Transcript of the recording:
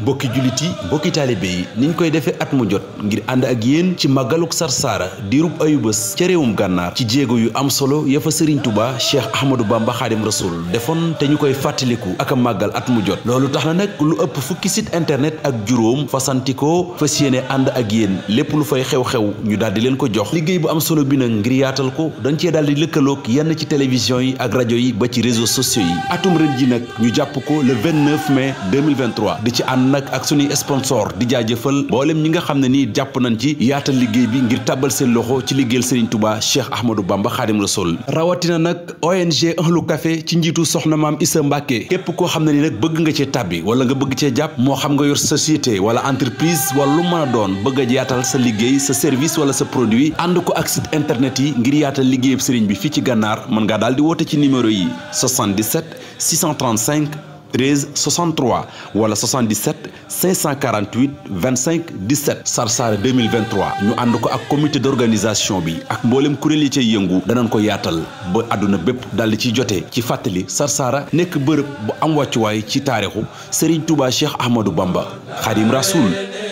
mbokki jullit yi mbokki taalibe yi niñ koy defee at mu jot ngir ànd ak yéen ci màggaluk sarsaara diirub ayubés ca réewum gànnaar ci jéego yu am solo ya fa sëriñ tubaa cheikh ahmadou bamba xaadim rasul defoon te ñu koy fàttaliku ak màggal at mu jot loolu tax na nag lu ëpp fukki site internet ak juróom fasantikoo fas yéene ànd ak yéen lépp lu fay xew-xew ñu daal di leen ko jox liggéey bu am solo bi nag ngir yaatal ko dañ cee daal di lëkkaloog yenn ci télévision yi ak rajo yi ba ci réseaux sociaux yi atum ren ji nag ñu jàpp ko le 29 mai 2023 di ci ànd nag ak suñuy sponsor di jaajëfal mboolem ñi nga xam ne nii jàpp nañ ci yaatal liggéey bi ngir tàbbal seen loxo ci liggéeyal Serigne Touba Cheikh Ahmadou Bamba Khadim Rasoul rawatina nag ONG Ahlu kafe ci njiitu soxna maam Issa Mbacke képp koo xam na ni nag bëgg nga cee tàbbi wala nga bëgg cee jàpp moo xam nga yor sa société wala entreprise wala lu mën a doon bëgg a yaatal sa liggéey sa service wala sa produit ànd ko ak site internet yi ngir yaatal liggéeyub Serigne bi fii ci gànnaar mën ngaa daal di woote ci numéro yi 77 635 13 63 wala 77 548 25 17 Sarsara 2023 ñu ànd ko ak comité d'organisation bi ak mboolem kuréel yi cay yëngu danan ko yaatal ba àdduna bépp daal di ci jotee ci fàttali Sarsara nekk bërëb bu am wàccuwaay ci taarixu Serigne Touba Cheikh Ahmadou Bamba Khadim Rasoul